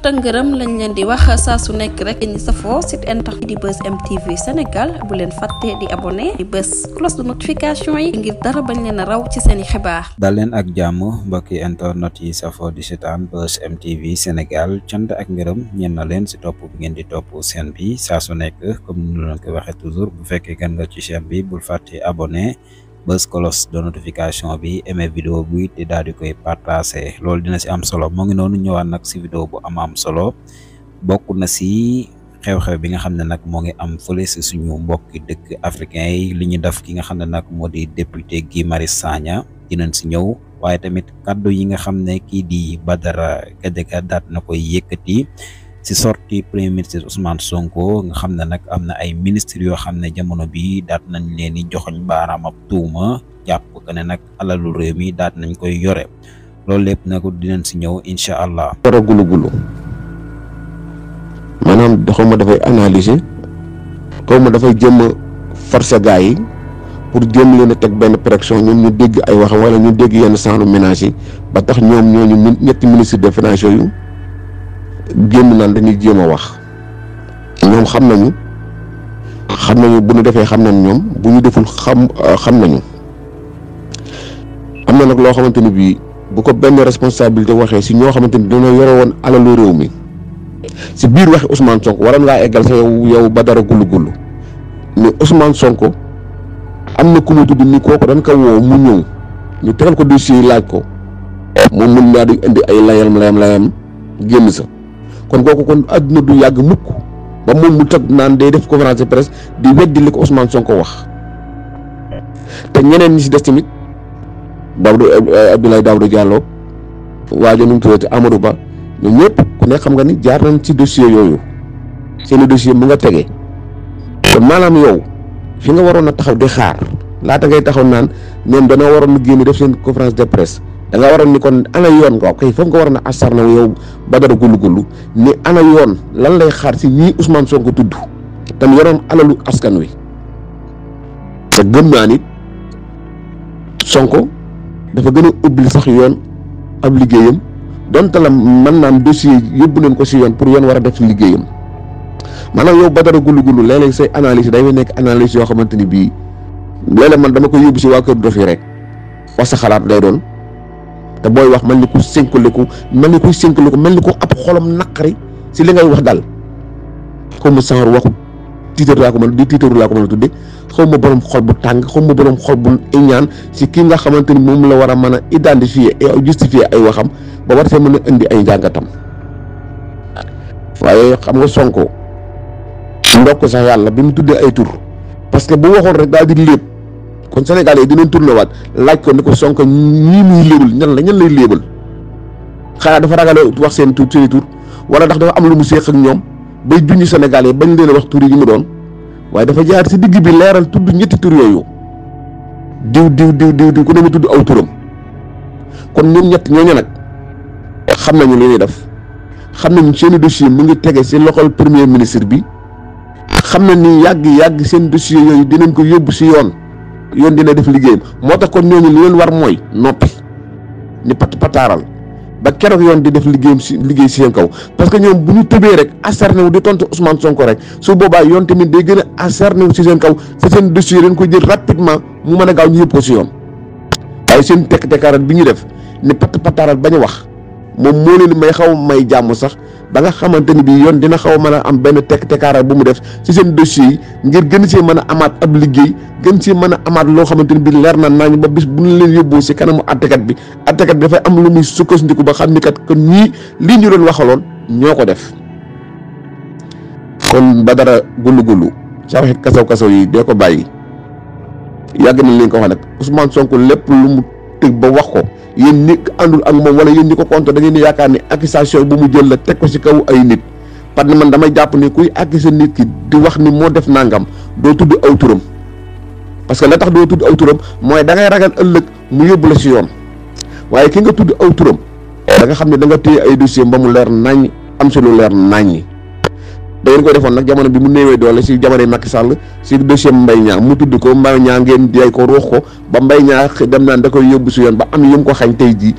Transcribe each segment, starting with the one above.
tëngërëm lañ leen di wax saa su nekk rek ñi safoo site internet di bës MTV Sénégal bu leen fàtte di abonné di bës cloche de notification yi ngir dara bañ leen a raw ci seen i xibaar. dal leen ak jàmm mbokki internet yi safoo di seetaan bës MTV Sénégal cant ak ngërëm ñeen na leen si topp bi ngeen di topp seen bi saa su nekk comme ni leen ko waxee toujours bu fekkee gan ci chaîne bi bul fàtte abonné. bës cloche de notification bi aimé vidéo bi te daal di koy partagé loolu dina si am solo moo ngi noonu ñëwaan nag ci vidéo bu am am solo bokk na ci xew-xew bi nga xam ne nag moo ngi am fële si suñu mbokki dëkk africain yi li ñu def ki nga xam ne nag moo di député Guy mari Sagna dinañ si ñëw waaye tamit kaddu yi nga xam ne kii di Badara Gadiaga daat na koy yëkkati ci sorti premier ministre Ousmane Sonko nga xamne nak amna ay ministre yo xamne jamono bi dat nañ leen ni joxoñ baram ak tuuma japp ko ne nag alalu réew mi daat nañ koy yoré loolu lepp nak dinañ si ñëw incha allah. dara gulu gulu manam xaw da fay analyser xaw da fay jëm forcer gaay pour jëm leen tek ben pression ñoom ñu dégg ay wax wala ñu dégg yenn sanu ménage yi ba tax ñom ñoo ñu ñetti ministre de finance yu génn nan dañuy jéem wax ñom xam nañu xam nañu bu ñu defee xam nañ ñom bu ñu deful xam euh, xam nañu amna nak lo xamanteni bi bu ko ben responsabilité waxé si ño xamanteni dañu yoro won alalu rew mi si biir wax Ousmane Sonko waram ngaa égal sa yow yow ba dara gulu gullu mais Ousmane Sonko amna ku mu tuddi ni kooku dañ ko wo mu ñew ñu tégal ko dossier laaj ko mo mën na di indi ay layam layam layam kon kooku kon aduna du yag mukk ba mom mu tëb nan day def conférence de presse di weddi liko Ousmane Sonko wax te ñeneen ñi ci dess tamit Daouda Abdoulaye Daouda Diallo waa jo nu Amadou Ba ñoom ñep ku ne xam nga ni jaar nañ ci dossier yooyu seeni dossier mu nga tege kon maanaam yow fi nga warona taxaw di xaar la tagay taxaw nan ñoom dana warona gëni def seen conférence de presse da nga waral ni kon ana yoon nga kay fa ko waroon asar na yow badar Gulu Gulu ni ana yoon lan lay xaar si ni Ousmane Sonko tuddu tam yoron alalu askan wi te gem na nit Sonko dafa gëna a ubbil sax yoon ab liggéeyam donte la man nan dossier yobbu len ko ci yoon pour yoon war a def liggéeyam maanaam yow badar Gulu Gulu léeg say analyse day nek analyse yo xamanteni bi bii man dama ko yobbu si wa keur Dof rek wa sa xalaat day doon. te booy wax mel ni ku sënkaliku mel ni kuy sënkaliku mel ni ku ab xolam naqari si li ngay wax daal xaw ma sangar waxu tiitaru laa ko mën di tiitaru laa ko mën a tudde xaw ma borom xol bu tàng xaw ma borom xol bu iñaan si kii nga xamante ni moom la war a mën a identifier et justifier ay waxam ba war see mën a indi ay jàngatam waaye xam nga Sonko ndokk sax yàlla bi mu tuddee ay tur parce que bu waxoon rek daal di lépp kon senegal yi dinañ tourner wat laaj ko niko sonk ñi ñi muy ñan la ñan lay léebal xanaa dafa ragal wax sen tour ci tour wala ndax dafa am lu mu séeq ak ñom bay junj senegal yi bañ leen wax tour yi mu doon waye dafa jaar ci digg bi leral tudd ñetti tour yoyu diw diw diw diw ko ku tudd aw touram kon ñoom ñett ñooñu nak xam nañu li ñuy def xam nañu seen dossier mu ngi tege ci loxol premier ministre bi xam nañu ni yàgg seen dossier yoyu dinañ ko yobbu ci yoon yoon dina def liggéeyam moo tax kon ñooñu li leen war mooy noppi ñu pat pataaral ba keroog yoon di def liggéeyam si liggéey si seen kaw parce que ñoom bu ñu tëbee rek acharné wu di tontu Ousmane Sonko rek su boobaa yoon tamit day gën a acharné wu seen kaw sa seen dossier dañ ko jël rapidement mu mën a gaaw ñu yëpp ko si yoon waaye seen tekk tekkaaral bi ñu def ni pat pataaral bañ a wax moom moo leen may xaw may jàmm sax ba nga xamanteni bi yoon dina xaw a mën a am benn tek tekkaaral bu mu def ci seen dossier yi ngir gën ci mën a amaat ab liggéey gën ci mën a amaat loo xamanteni bi leer na nañu ba bis bu ñu leen yóbboo si kanamu attekat bi attekat bi dafay am lu muy sukkandiku ba xam ni kat kon ñii lii ñu doon waxaloon ñoo def kon ba dara gulu gulu saraxi kasaw kasaw yi dee ko bàyyi yàgg na leen ko wax nag Ousmane Sonko lépp lu mu ba wax ko yéen ñi àndul ak moom wala yéen ñi ko contre da ngeen di yaakaar ni accusation bu mu jël la teg ko ci kaw ay nit parce que man damay jàpp ni kuy accuser nit ki di wax ni moo def nangam doo tudd aw turam parce que la tax doo tudd aw turam mooy dangay ngay ragal ëllëg mu yóbbu la ci yoon waaye ki nga tudd aw turam da nga xam ne da nga téye ay dossier ba mu leer naññ am ci lu leer yi dañ ko defon nak jamono bi mu néewee doole si jamono Macky Sall si deuxième mbay ñaar mu tuddu ko mbay ñaar ngeen ay ko ruux ko ba mbay ñaar dem naan da koy yobbu si yoon ba am yëm ko xañ tay ji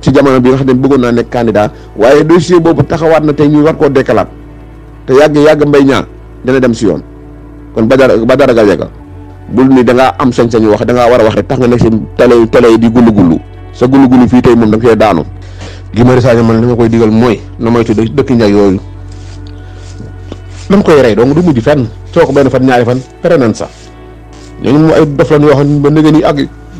ci jamono bi nga xam ne bëggoon naa candidat waye dossier bobu taxawat na tay ñu war ko te yàgg yàgg Mbaye Niang dana dem yoon kon Badara Badara Gadiaga bu ni da nga am sañ sañ wax da nga wara wax tax nga nek ci télé télé di gulu gulu sa gulu gulu fi tay mom da ngay daanu. gi mari sañ man li ma koy digal mooy na dekk ñay yoyu lam koy rey donc du mujj fenn soo ko benn fan ñaari fan pere nan sa ñooñu mu ay dof lan yoo xam ba nëgë ni ak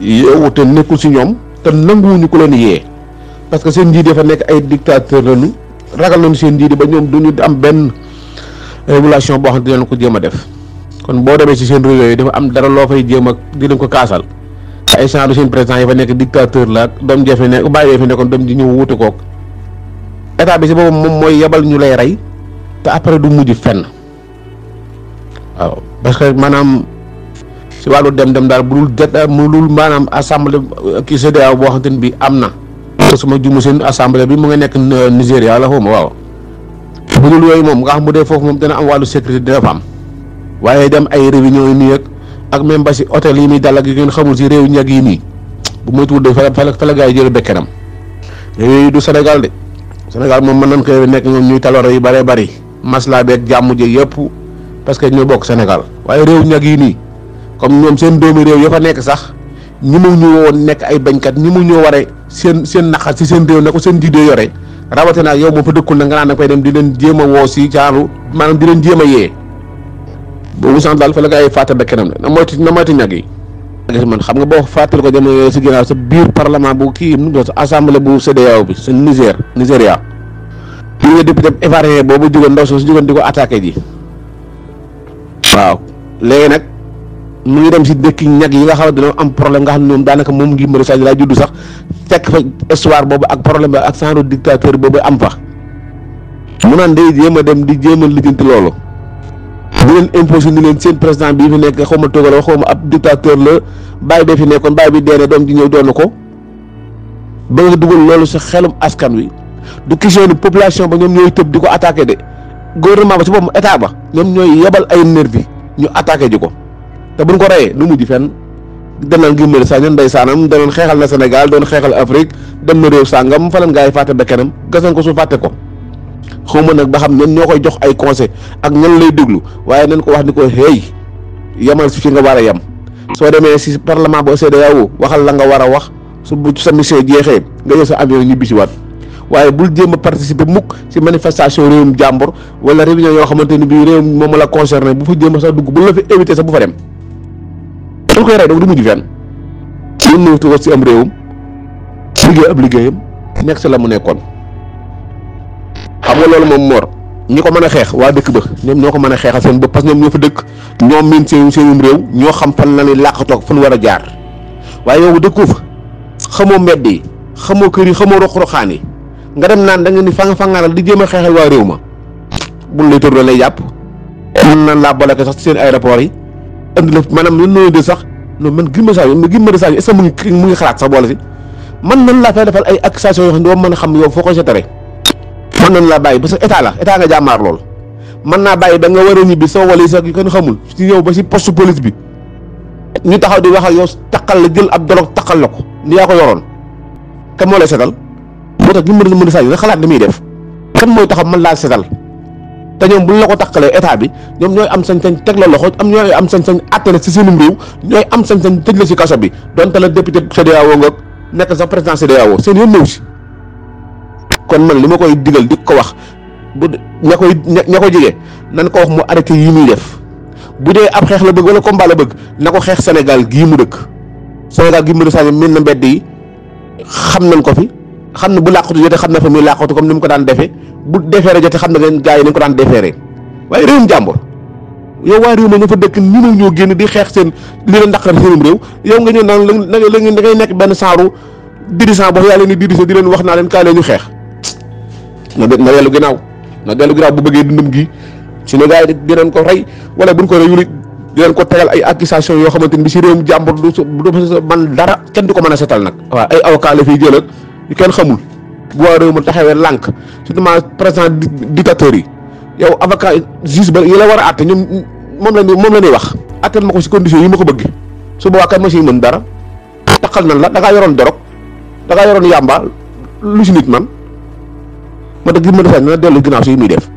yeewu te nekkul si ñoom te nanguwuñu ko leen yee parce que seen njiit dafa ya nekk ay dictateur lañu ragal nañu seen njiit ba ñoom duñu am benn régulation boo xam ne dinañ ko jéem a def kon boo demee si seen réseau yi dafa am dara loo fay jéem a leen ko kaasal ay du seen président yi fa nekk dictateur la dom doom jafe nekk bàyyi fi nekkoon dom di ñëw wuute kook état bi si boppam moom mooy yebal ñu lay rey te après du mujj fenn waaw parce que maanaam si walu dem dem daal bu dul jot mu dul maanaam assemblée euh, ki CDA boo xamante bi am na te suma jumu seen assemblée bi mu nga nekk Nigeria la xawma waaw bu dul yooyu moom nga xam bu dee foofu moom dana am walu sécurité dina fa am waaye dem ay réunion yi nii ak ak même ba si hôtel yi muy dal ak yi ngeen xamul si réew ñag yi nii bu moy tuddé fa fa fa la gaay jël bekkenam yooyu du Sénégal de Sénégal moom mën nañ koy nekk ñoom ñuy taloro yu bare bari masla beeg jamu je yep parce que ñu bok senegal waye rew ñag yi ni comme ñom seen doomi rew ya fa nekk sax ñi mu ñu won nek ay bañkat ñi mu ñu waré seen seen naqar si seen rew na ko seen yoré yore na yow mo fa dekkul na nga naan koy dem di len jéem wo ci si manam di len jéem ye bo mu sant dal fa la gay fàtte ba kenam na moy na moytu ñag yi. man xam nga bo fàttali ko dem ci ginaaw sa biir parlement bu ki nu mu assemblée bu cdao bi sen Niger Nigeria gis nga député Evaré boobu jugoon ndaw soosu jugoon di ko attaqué ji waaw léegi nag mu ngi dem si dëkk ñag yi nga xam ne am problème nga xam ne ñoom daanaka moom ngi mari sadi daa judd sax fekk fa histoire boobu ak problème bi ak genre dictateur boobu am fa mu naan day jéem dem di jéem a lijjanti di leen imposé ni leen seen président bii fi nekk xaw ma toogal ab dictateur la bàyyi bee fi nekkoon bàyyi bi deene doom ji ñëw doon ko ba nga xelum askan wi du question ni population ba ñoom ñooy tëb di ko attaqué de gouvernement ba ci boppam état ba ñoom ñooy yebal ay nervi ñu attaqué ji ko te buñ ko reyee lu mujj fenn dem naan ngir mel ndey saanam ndeysaanam xeexal na Sénégal doon xeexal Afrique dem na réew sàngam fa leen gaa yi fàtte bakkanam gasan ko su fàtte ko xaw ma nag ba xam ñoo koy jox ay conseil ak ñan lay déglu waaye nañ ko wax ni ko hey yamal si fi nga war a yem. soo demee si parlement bu CEDEAO waxal la nga war a wax su bu sa mission jeexee nga jël sa avion ñibbisiwaat. waaye bul jéem a participer mukk ci manifestation réewum jàmbur wala réunion yoo xamante ni bii réew moom la concerné bu fa jéem a sax dugg bu la fi éviter sax bu fa dem dañ koy rey donc du mujj fenn mun na am réewum liggéeyam nekk sa la mu nekkoon xam nga loolu moom moor ñi ko mën a xeex waa dëkk ba ñoom ñoo ko mën a xeexal seen bopp parce ñoom ñoo fa dëkk ñoom miin seen seenum réew ñoo xam fan la ni toog fan war a jaar waaye yow dëkkoo fa xamoo mbedd yi xamoo kër yi xamoo roq-roqaan yi nga dem naan da nga ni fang fangal di jema xexal wa rewma bu lay tour lay japp man nan la balaka sax seen aéroport yi andi la manam ñu noy de sax lu man gimma saa yi gimma saa yi est ce mu ngi mu ngi xalaat sax boole si man nan la fay defal ay accusation yo xam do man xam yo foko ci jetare man nan la bàyyi parce que état la état nga jamar lol man na bàyyi da nga wara a bi so wali sax yu xamul ci yow ba ci poste police bi ñu taxaw di wax ak yow takal jël ab dorog taqal la ni ya ko yoron kan mo lay setal boo tax ñu mën a mën a saa yu ne xalaat li muy def kan mooy taxaw man laa setal te ñoom buñ la ko takkalee état bi ñoom ñooy am sañ-sañ teg la loxo am ñooy am sañ-sañ àtte la si seenum réew ñooy am sañ-sañ tëj la si kaso bi donte la député CEDEAO nga nekk sax président CEDEAO seen yoon néew si kon man li ma koy digal di ko wax bu ña koy ña ko jege nan ko wax mu arrêté yi muy def bu dee ab xeex la bëgg wala combat la bëgg na ko xeex Sénégal gii mu dëkk Sénégal gii mu dëkk saa mel na mbedd xam nañ ko fi xam bu laqatu jote xamna na fa muy laqatu comme nim ko daan defé bu déféré jote xamna na gaay ni ko daan déféré way rewum jambour yow wa réew nga fa dekk ni ñu ñoo genn di xex seen li la ndax rewum rew yow nga ñëw naan la nga ngay nekk ben saaru dirigeant bo yalla ni dirigé di len wax na len ka leen xex na na na yalla ginaaw na delu ginnaaw bu bëggee dundum gi ci ne gaay di dinañ ko ray wala buñ ko di len ko tegal ay accusation yo xamanteni bi ci rewum jambour du man dara kenn du ko mëna sétal nak wa ay avocat la fi jël ak yu kenn xamul bu waa réew ma taxawee lànk surtout président dictateur yi yow avocat juge ba yi la war a àtte ñoom moom la moom la ni wax àttel ma ko si condition yi ma ko bëgg su boobaa kan ma siy mën dara takal nan la da ngaa yoroon dorog da ngaa yoroon yàmba lu si nit man ma dëgg ma defaat na delu ginnaaw si muy def